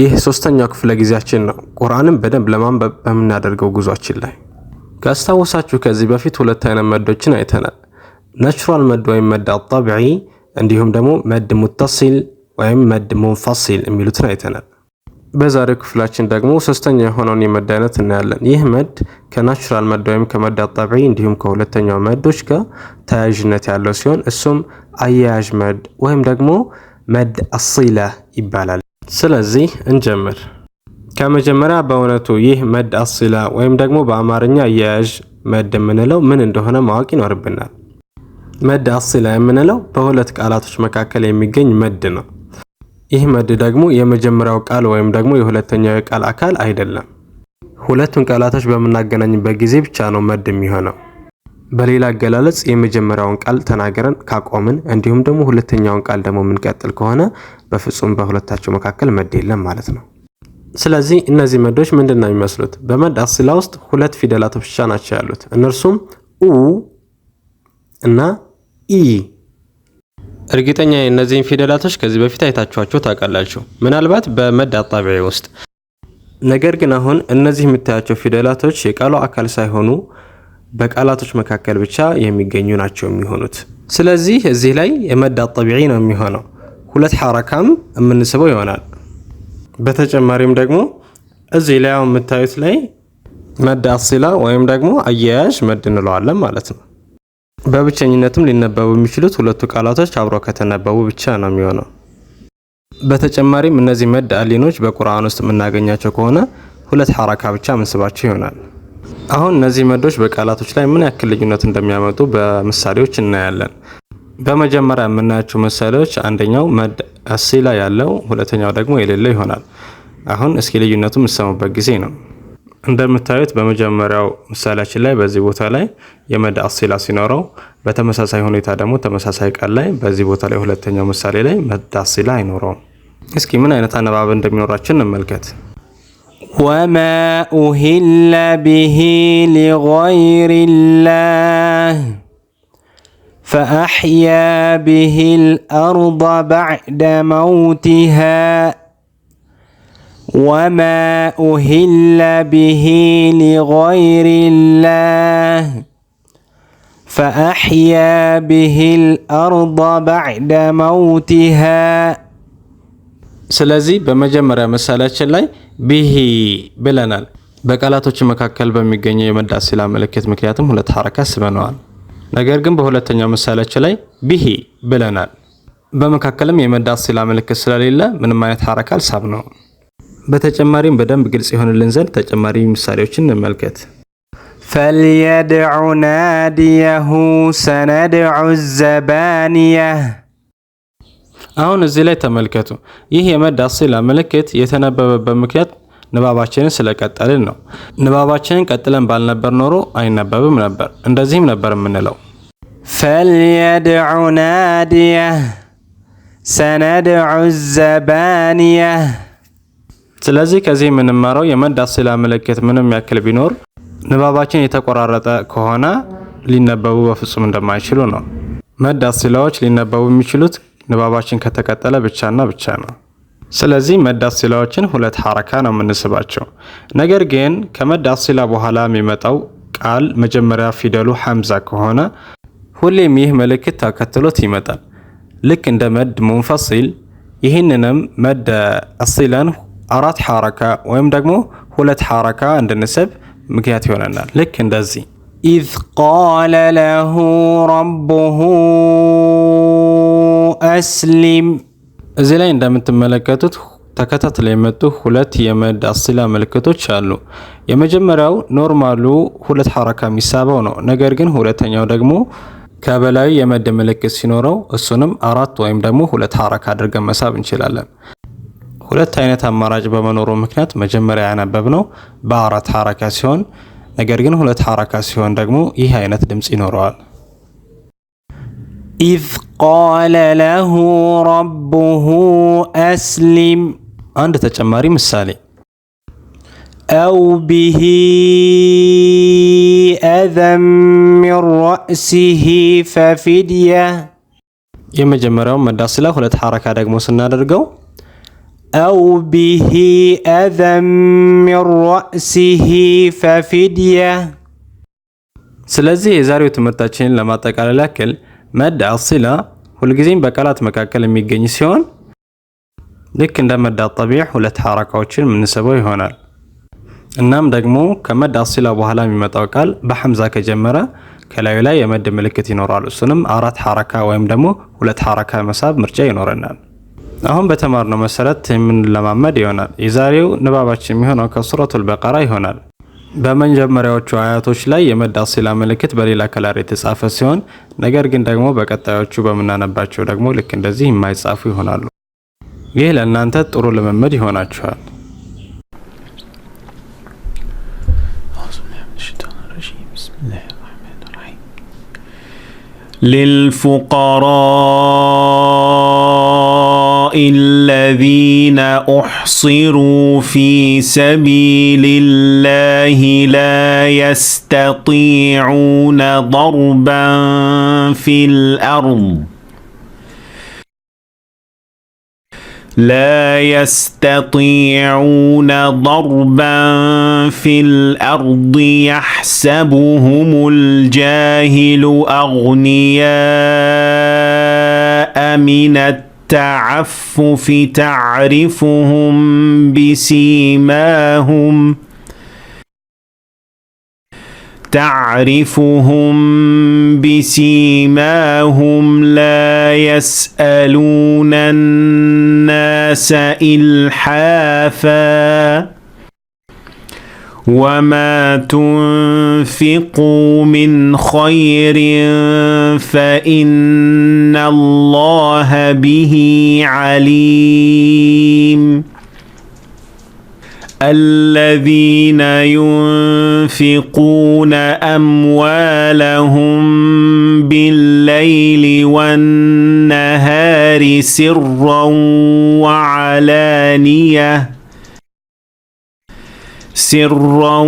ይህ ሶስተኛው ክፍለ ጊዜያችን ነው። ቁርአንን በደንብ ለማንበብ በምናደርገው ጉዟችን ላይ ካስታወሳችሁ ከዚህ በፊት ሁለት አይነት መዶችን አይተናል። ናቹራል መድ ወይም መድ አጣቢዒ እንዲሁም ደግሞ መድ ሙተሲል ወይም መድ ሙንፈሲል የሚሉትን አይተናል። በዛሬው ክፍላችን ደግሞ ሶስተኛ የሆነውን የመድ አይነት እናያለን። ይህ መድ ከናቹራል መድ ወይም ከመድ አጣቢዒ እንዲሁም ከሁለተኛው መዶች ጋር ተያያዥነት ያለው ሲሆን እሱም አያያዥ መድ ወይም ደግሞ መድ አሲላ ይባላል። ስለዚህ እንጀምር። ከመጀመሪያ በእውነቱ ይህ መድ አሲላ ወይም ደግሞ በአማርኛ አያያዥ መድ የምንለው ምን እንደሆነ ማወቅ ይኖርብናል። መድ አስሲላ የምንለው በሁለት ቃላቶች መካከል የሚገኝ መድ ነው። ይህ መድ ደግሞ የመጀመሪያው ቃል ወይም ደግሞ የሁለተኛው ቃል አካል አይደለም። ሁለቱን ቃላቶች በምናገናኝበት ጊዜ ብቻ ነው መድ የሚሆነው። በሌላ አገላለጽ የመጀመሪያውን ቃል ተናገረን ካቆምን እንዲሁም ደግሞ ሁለተኛውን ቃል ደግሞ የምንቀጥል ከሆነ በፍጹም በሁለታቸው መካከል መድ የለም ማለት ነው። ስለዚህ እነዚህ መዶች ምንድን ነው የሚመስሉት? በመድ አስላ ውስጥ ሁለት ፊደላት ብቻ ናቸው ያሉት እነርሱም ኡ እና ኢ። እርግጠኛ የእነዚህን ፊደላቶች ከዚህ በፊት አይታችኋቸው ታውቃላችሁ፣ ምናልባት በመድ አጣቢያ ውስጥ። ነገር ግን አሁን እነዚህ የምታያቸው ፊደላቶች የቃሉ አካል ሳይሆኑ በቃላቶች መካከል ብቻ የሚገኙ ናቸው የሚሆኑት። ስለዚህ እዚህ ላይ የመድ ጠቢዒ ነው የሚሆነው። ሁለት ሐረካም የምንስበው ይሆናል። በተጨማሪም ደግሞ እዚህ ላይ አሁን የምታዩት ላይ መድ አሲላ ወይም ደግሞ አያያዥ መድ እንለዋለን ማለት ነው። በብቸኝነትም ሊነበቡ የሚችሉት ሁለቱ ቃላቶች አብረው ከተነበቡ ብቻ ነው የሚሆነው። በተጨማሪም እነዚህ መድ አሊኖች በቁርአን ውስጥ የምናገኛቸው ከሆነ ሁለት ሐረካ ብቻ ምንስባቸው ይሆናል። አሁን እነዚህ መዶች በቃላቶች ላይ ምን ያክል ልዩነት እንደሚያመጡ በምሳሌዎች እናያለን። በመጀመሪያ የምናያቸው ምሳሌዎች አንደኛው መድ አሲላ ያለው፣ ሁለተኛው ደግሞ የሌለው ይሆናል። አሁን እስኪ ልዩነቱ የምሰሙበት ጊዜ ነው። እንደምታዩት በመጀመሪያው ምሳሌያችን ላይ በዚህ ቦታ ላይ የመድ አሲላ ሲኖረው፣ በተመሳሳይ ሁኔታ ደግሞ ተመሳሳይ ቀል ላይ በዚህ ቦታ ላይ ሁለተኛው ምሳሌ ላይ መድ አሲላ አይኖረውም። እስኪ ምን አይነት አነባብ እንደሚኖራችን እንመልከት። وما أهل به لغير الله فأحيا به الأرض بعد موتها وما أهل به لغير الله فأحيا به الأرض بعد موتها سلازي بمجمرة مسألة شلائي ቢሂ ብለናል። በቃላቶች መካከል በሚገኘው የመዳስ ሲላ ምልክት ምክንያትም ሁለት ሐረካ ስበነዋል። ነገር ግን በሁለተኛው ምሳሌያችን ላይ ቢሂ ብለናል። በመካከልም የመዳስ ሲላ ምልክት ስለሌለ ምንም አይነት ሐረካ አልሳብ ነው። በተጨማሪም በደንብ ግልጽ የሆንልን ዘንድ ተጨማሪ ምሳሌዎችን እንመልከት። ፈልየድዑ ናዲየሁ ሰነድዑ ዘባንየህ አሁን እዚህ ላይ ተመልከቱ። ይህ የመድ አሲላ ምልክት የተነበበበት ምክንያት ንባባችንን ስለቀጠልን ነው። ንባባችንን ቀጥለን ባልነበር ኖሮ አይነበብም ነበር። እንደዚህም ነበር የምንለው ፈልየድዑ ሰነድዑ ስለዚህ ከዚህ የምንማረው የመድ አሲላ ምልክት ምንም ያክል ቢኖር ንባባችን የተቆራረጠ ከሆነ ሊነበቡ በፍጹም እንደማይችሉ ነው። መድ አሲላዎች ሊነበቡ የሚችሉት ንባባችን ከተቀጠለ ብቻና ብቻ ነው። ስለዚህ መድ ሲላዎችን ሁለት ሐረካ ነው የምንስባቸው። ነገር ግን ከመድ አሲላ በኋላ የሚመጣው ቃል መጀመሪያ ፊደሉ ሐምዛ ከሆነ ሁሌም ይህ ምልክት ተከትሎት ይመጣል። ልክ እንደ መድ ሙንፈሲል። ይህንንም መደ አሲለን አራት ሐረካ ወይም ደግሞ ሁለት ሐረካ እንድንስብ ምክንያት ይሆነናል። ልክ እንደዚህ إذ قال له ربه أسلم እዚህ ላይ እንደምትመለከቱት ተከታትለው የመጡ ሁለት የመድ አስላ ምልክቶች አሉ። የመጀመሪያው ኖርማሉ ሁለት ሐረካ የሚሳበው ነው። ነገር ግን ሁለተኛው ደግሞ ከበላዩ የመድ ምልክት ሲኖረው እሱንም አራት ወይም ደግሞ ሁለት ሐረካ አድርገን መሳብ እንችላለን። ሁለት አይነት አማራጭ በመኖሩ ምክንያት መጀመሪያ ያነበብነው በአራት ሐረካ ሲሆን ነገር ግን ሁለት ሐረካ ሲሆን ደግሞ ይህ አይነት ድምፅ ይኖረዋል። ኢዝ ቃለ ለሁ ረብሁ አስሊም። አንድ ተጨማሪ ምሳሌ አው ቢሂ አዘን ሚን ረእሲሂ ፈፊድያ። የመጀመሪያውን መዳ ስለ ሁለት ሐረካ ደግሞ ስናደርገው አው ቢሂ አዘን ሚን ረእሲሂ ፈፊድያ። ስለዚህ የዛሬው ትምህርታችንን ለማጠቃለል ያክል መድ አሲላ ሁልጊዜም በቃላት መካከል የሚገኝ ሲሆን ልክ እንደ መድ አጠቢዕ ሁለት ሐረካዎችን የምንስበው ይሆናል። እናም ደግሞ ከመድ አሲላ በኋላ የሚመጣው ቃል በሐምዛ ከጀመረ ከላዩ ላይ የመድ ምልክት ይኖራል። እሱንም አራት ሐረካ ወይም ደግሞ ሁለት ሐረካ መሳብ ምርጫ ይኖረናል። አሁን በተማርነው መሰረት የምንለማመድ ይሆናል። የዛሬው ንባባችን የሚሆነው ከሱረቱል በቀራ ይሆናል። በመጀመሪያዎቹ አያቶች ላይ የመዳሲላ ምልክት በሌላ ከለር የተጻፈ ሲሆን ነገር ግን ደግሞ በቀጣዮቹ በምናነባቸው ደግሞ ልክ እንደዚህ የማይጻፉ ይሆናሉ። ይህ ለእናንተ ጥሩ ልምምድ ይሆናችኋል። للفقراء الذين احصروا في سبيل الله لا يستطيعون ضربا في الارض لا يستطيعون ضربا في الارض يحسبهم الجاهل اغنياء من التعفف تعرفهم بسيماهم تعرفهم بسيماهم لا يسألون الناس إلحافاً وما تنفقوا من خير فان الله به عليم الذين ينفقون اموالهم بالليل والنهار سرا وعلانيه سرا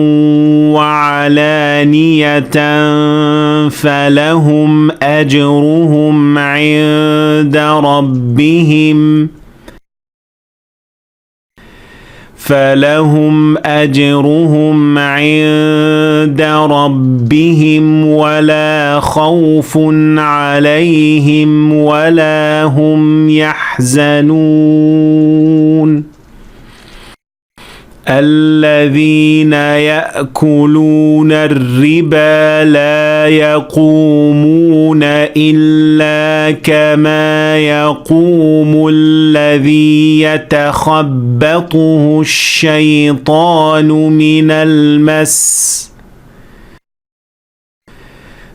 وعلانية فلهم أجرهم عند ربهم فلهم أجرهم عند ربهم ولا خوف عليهم ولا هم يحزنون الذين ياكلون الربا لا يقومون الا كما يقوم الذي يتخبطه الشيطان من المس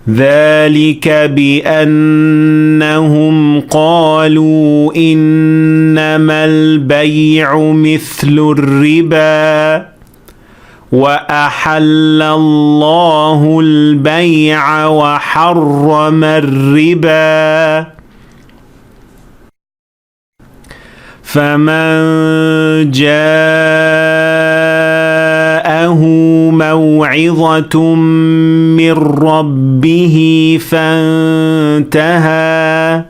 ذلك بانهم قالوا ان انما البيع مثل الربا واحل الله البيع وحرم الربا فمن جاءه موعظه من ربه فانتهى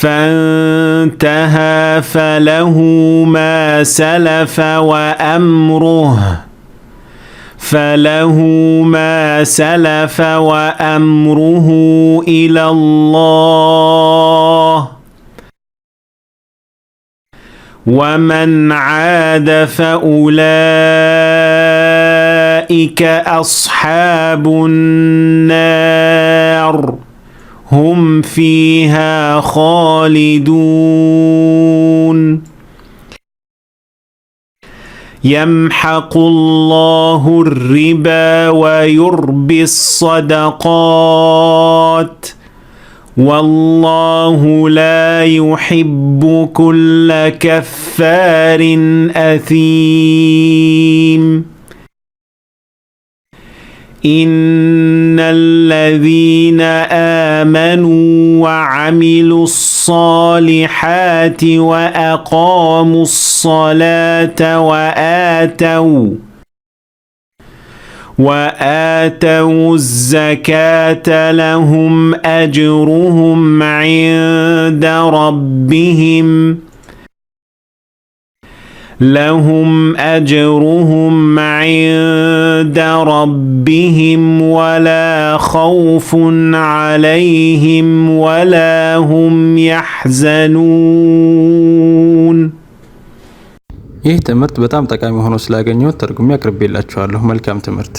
فانتهى فله ما سلف وامره فله ما سلف وامره الى الله ومن عاد فاولئك اصحاب النار هم فيها خالدون يمحق الله الربا ويربي الصدقات والله لا يحب كل كفار أثيم ان الذين امنوا وعملوا الصالحات واقاموا الصلاه واتوا واتوا الزكاه لهم اجرهم عند ربهم لهم أجرهم عند ربهم ولا خوف عليهم ولا هم يحزنون ይህ ትምህርት በጣም ጠቃሚ ሆኖ ስላገኘሁት ተርጉሜ አቅርቤላችኋለሁ። መልካም ትምህርት